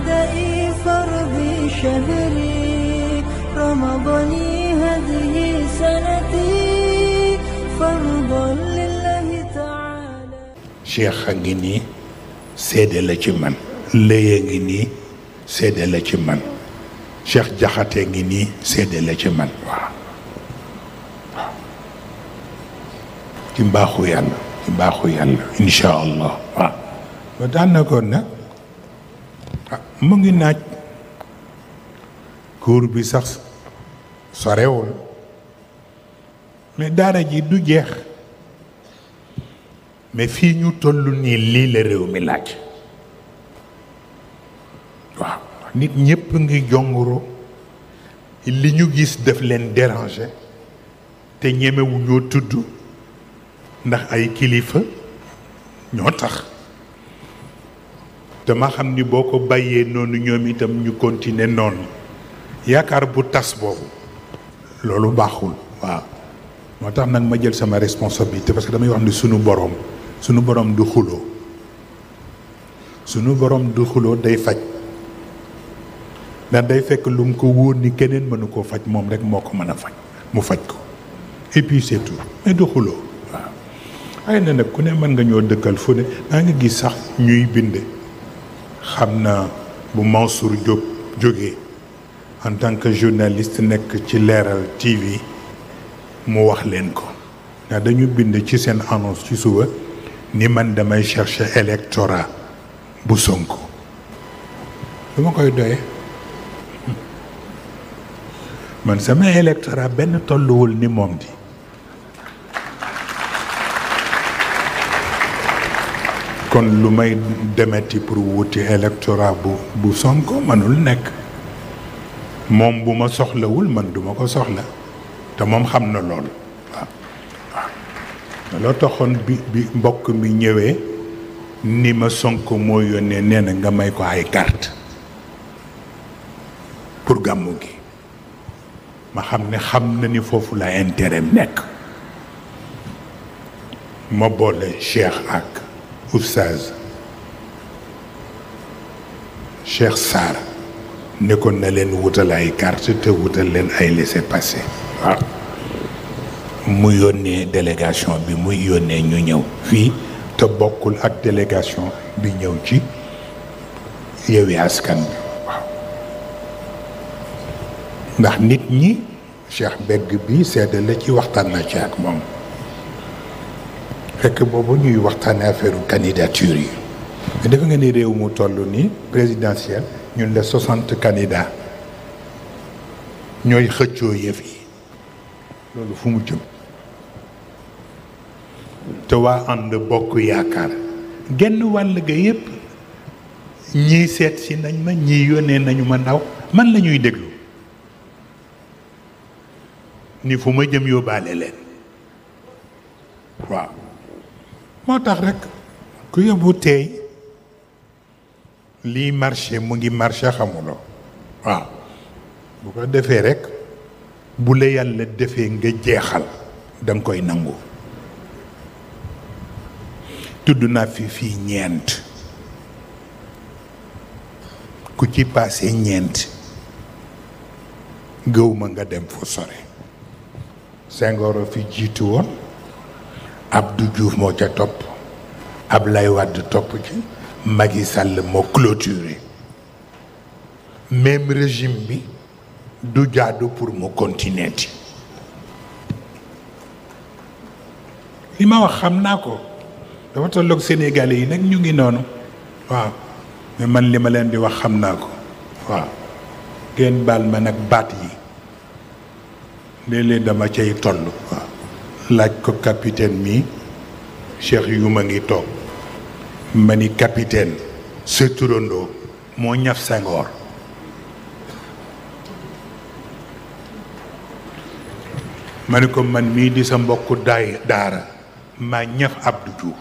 غدائي فرضي شهري رمضاني هذه سنتي فرضا لله تعالى شيخ ngi nii seede la ci man léya ngi nii seede la ci man Cheikh Jaxate ngi nii seede la ci man waaw ci mbaaxu ci mbaaxu yàlla allah waaw ba Ah, mu ngi naaj cours bi sax sorewul mais daara ji du jeex mais fii ñu toll nii lii la réew mi laaj waaw nit ñépp ngi jongoro li ñu gis def leen derange te ñemewu ñoo tudd ndax ay kilifa ñoo tax dama xam ni boo ko bàyyee noonu ñoom itam ñu continuer noonu yaakaar bu tas boobu loolu baaxul waaw moo tax nag ma jël sama responsabilité parce que damay wax ni sunu boroom sunu boroom du xuloo sunu boroom du xuloo day faj ndax day fekk lu ko wóor ni keneen mënu koo faj moom rek moo ko mën a faj mu faj ko et puis c'est tout mais du xuloo waaw ay na nag ku ne mën nga ñoo dëkkal fu ne daa gis sax ñuy bind xam naa bu Mansour jógee en tant que journaliste nekk ci leeral TV mu wax leen ko ndax dañu bind ci seen annonce ci suba ni man damay chercher électorat bu Sonko lu ma koy doyee hmm. man sama électorat benn tolluwul ni moom di kon lu may demeti pour wuti électorat bu bu Sonko mënul nekk moom bu ma soxlawul man duma ko soxla te moom xam na loolu waaw loo taxoon bi bi mbokk mi ñëwee ni ma Sonko moo yónnee nee na nga may ko ay carte pour gàmmu gi ma xam ne xam na ni foofu la intérêt nekk ma boole Cheikh ak oustaz Cheikh Sarr nekkoon na leen wutal ay carte te wutal leen ay laissez-passer mu yónnee délégation bi muy yónnee ñu ñëw fii te bokkul ak délégation bi ñëw ci Yewwi Askan Wi ndax nit ñi Cheikh Begg bi sedd la ci waxtaan na ci ak moom fekk boobu ñuy waxtaanee affaire candidature yi. mais defe nga ni réew mu toll nii présidentielle ñun la soixante candidats ñooy xëccoo yëf yi loolu fu mu jëm. te waa ànd bokk yaakaar. genn wàll ga yépp ñii seet si nañ ma ñii yónnee nañu ma ndaw man la ñuy déglu ni fu ma jëm yóbbaale leen. moo tax rek ku yóbbu tey lii marché mu ngi marché xamuloo waaw bu ko defee rekk bu la yàlla defee nga jeexal danga koy nangu tudd naa fi fii ñeent ku ci paase ñeent géwma nga dem fu sore Senghor fi jiitu woon ab du Diouf moo ca topp Ablaye Wade topp ci yi Sall moo clôturé même régime bi du jaadu pour mu continuer ti li ma wax xam naa ko dafa tolloog Sénégalais yi nag ñu ngi noonu waaw mais man li ma leen di wax xam naa ko waaw ngeen baal ma nag baat yi léeg leen dama cay toll laaj ko capitaine mi Cheikh ma ngi toog ma ni capitaine sa turandoo moo ñaf Senghor ma ni ko man mii di sa mbokku daay daara maa ñaf Abdou Diouf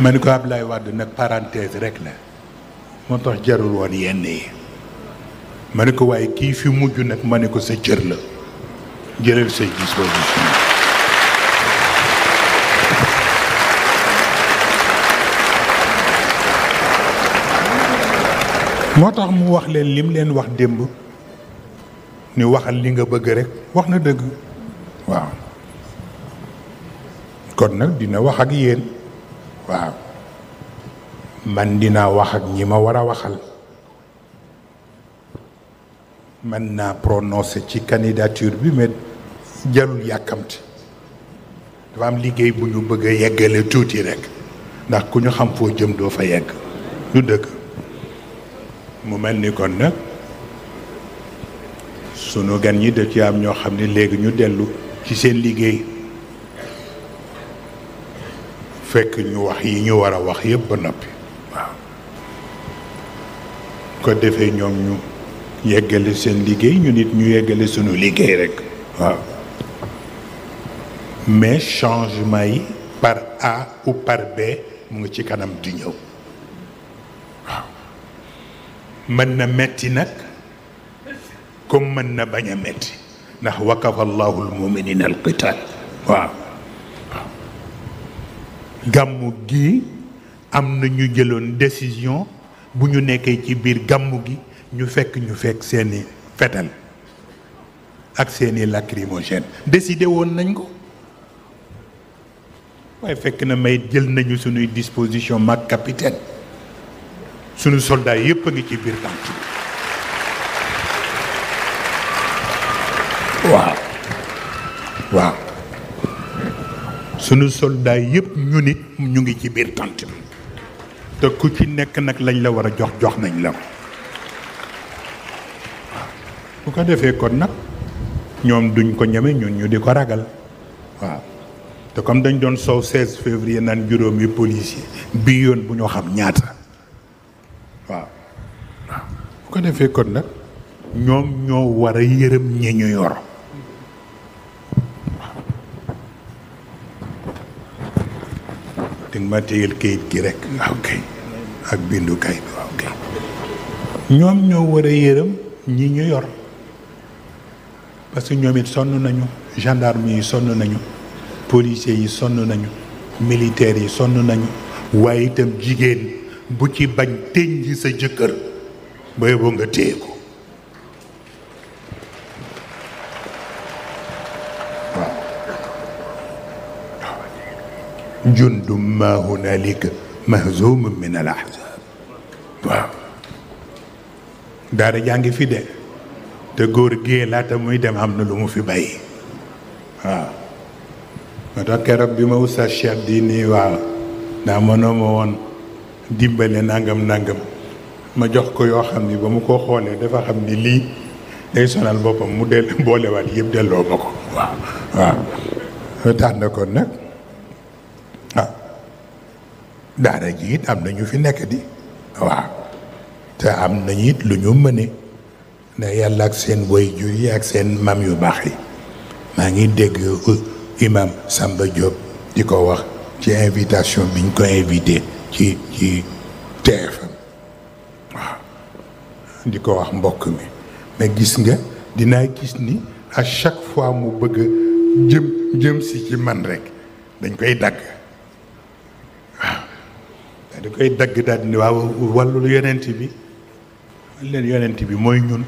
ma ni ko Ablaye Wade nag parenthèse rek la moo tax jarul woon yenn yi ma ne ko waaye kii fi mujj nag ma ne ko sa cër la jëlal say disposition moo tax mu wax leen lim leen wax démb ni waxal li nga bëgg rekk wax na dëgg waaw kon nag dina wax ak yéen waaw man dinaa wax ak ñi ma war a waxal mën naa prononcé ci candidature bi mais jarul yàkkamti dafa am liggéey bu ñu bëgg a yeggale tuuti rekk ndax ku ñu xam foo jëm doo fa yegg lu dëkk mu mel ni kon nag sunu gan ñi da ci am ñoo xam ne léegi ñu dellu ci seen liggéey fekk ñu wax yi ñu war a wax yépp ba noppi waaw ko defee ñoom ñu yeggale seen liggéey ñu nit ñu yeggale sunu liggéey rek waaw mais changement yi par A ou par B mu ngi ci kanam di ñëw mën na metti nag comme mën na bañ a metti ndax wakafa allahu almuminina alqital waaw gàmmu gi am na ñu jëloon décision bu ñu nekkee ci biir gàmmu gi ñu fekk ñu fekk seeni fetal ak seeni lacrymogène décidé woon nañ ko waaye fekk na may jël nañu suñuy disposition mag capitaine sunu soldaa yépp a ngi ci biir tànk waaw waaw sunu soldat yëpp ñu nit ñu ngi ci biir tànt te ku ci nekk nag lañ la war a jox jox nañ la bu ko defee kon nag ñoom duñ ko ñeme ñun ñu di ko ragal waaw te comme dañ doon soow 16 février naan juróomi policier bii yoon bu ñoo xam ñaata waaw waaw ko defee kon nag ñoom ñoo war a yërëm ñi ñu yor dinga kayit gi rek waaw kay ak bindu yërëm ñi ñu yor parce que ñoom it sonn nañu gendarme yi sonn nañu policiers yi sonn nañu militaires yi sonn nañu waaye itam jigéen bu ci bañ tënji sa jëkkër ba yóbbu nga téye ko waaw jaa ngi fi de te góor gii laata muy dem am na lu mu fi bàyyi waaw moo tax keroog bi ma Oustaz Cheikh di nii waaw ndax mënoo ma woon dimbale nangam nangam ma jox ko yoo xam ni ba mu ko xoolee dafa xam ni lii day sonal boppam mu del boolewaat yëpp delloo ma ko waaw waaw lu tax na kon nag ah daara ji am na ñu fi nekk di waaw te am nañu it lu ñu mëne ndax yàlla ak seen woy jur yi ak seen maam yu baax yi maa ngi dégg imam Samba Diop di ko wax ci invitation biñ ko invité ci ci TFM waaw di ko wax mbokk mi ma gis nga dinaa gis ni à chaque fois mu bëgg a jëm jëm si ci man rekk dañ koy dagg waaw dañ koy dagg daal bi leen yonent bi mooy ñun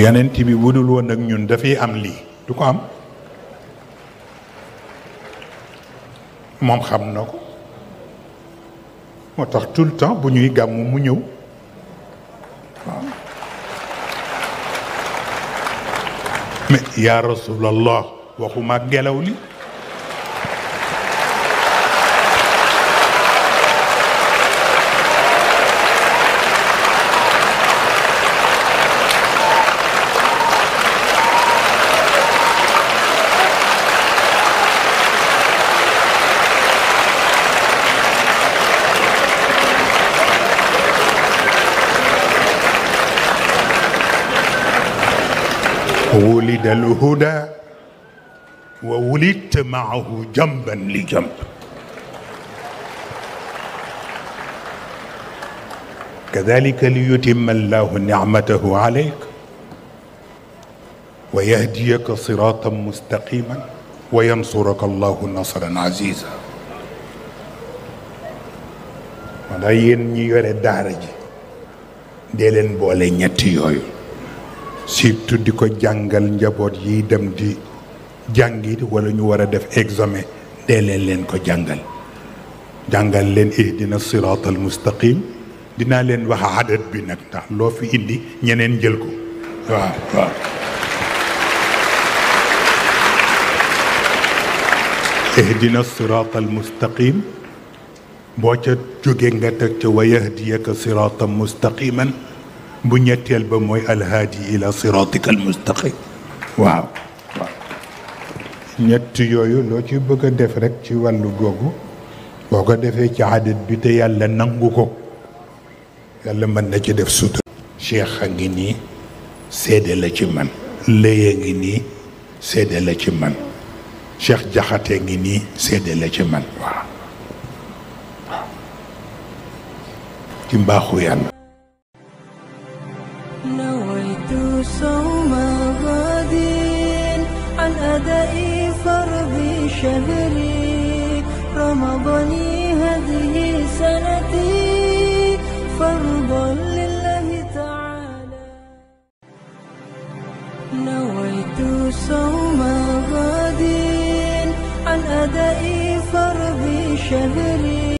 yonent bi dul woon ak ñun dafay am lii du ko am moom xam na ko moo tax tout le temps bu ñuy gàmmu mu ñëw waaw mais yaa rasulallah waxuma gelaw li ولد الهدى وولدت معه جنبا لجنب كذلك ليتم الله نعمته عليك ويهديك صراطا مستقيما وينصرك الله نصرا عزيزا moo tax yéen ñi yore daara ji dee leen boole ñetti yooyu surtout di ko jàngal njaboot yi dem di jàngi wala ñu war a def examen dee leen ko jàngal jàngal leen ihdina siraat al mustaqim dinaa leen wax adat bi nag ndax loo fi indi ñeneen jël ko waaw waaw ihdina siraat al mustaqim boo ca jóge nga teg ca wa yahdiyaka siraatan mustaqiman bu ñetteel ba mooy alhaadi ila siratika almustaqim waaw waaw ñett yooyu loo ci bëgg a def rek ci wàllu googu boo ko defee ci adat bi te yàlla nangu ko yàlla mën na ci def sutura cheikh a ngi nii seede la ci man léya ngi nii seede la ci man cheikh jaxate ngi nii seede la ci man waaw waaw ci mbaaxu yàlla صوم غد عن أداء فرض شهري رمضاني هذه سنتي فرضا لله تعالى نويت صوم غد عن أداء فرض شهري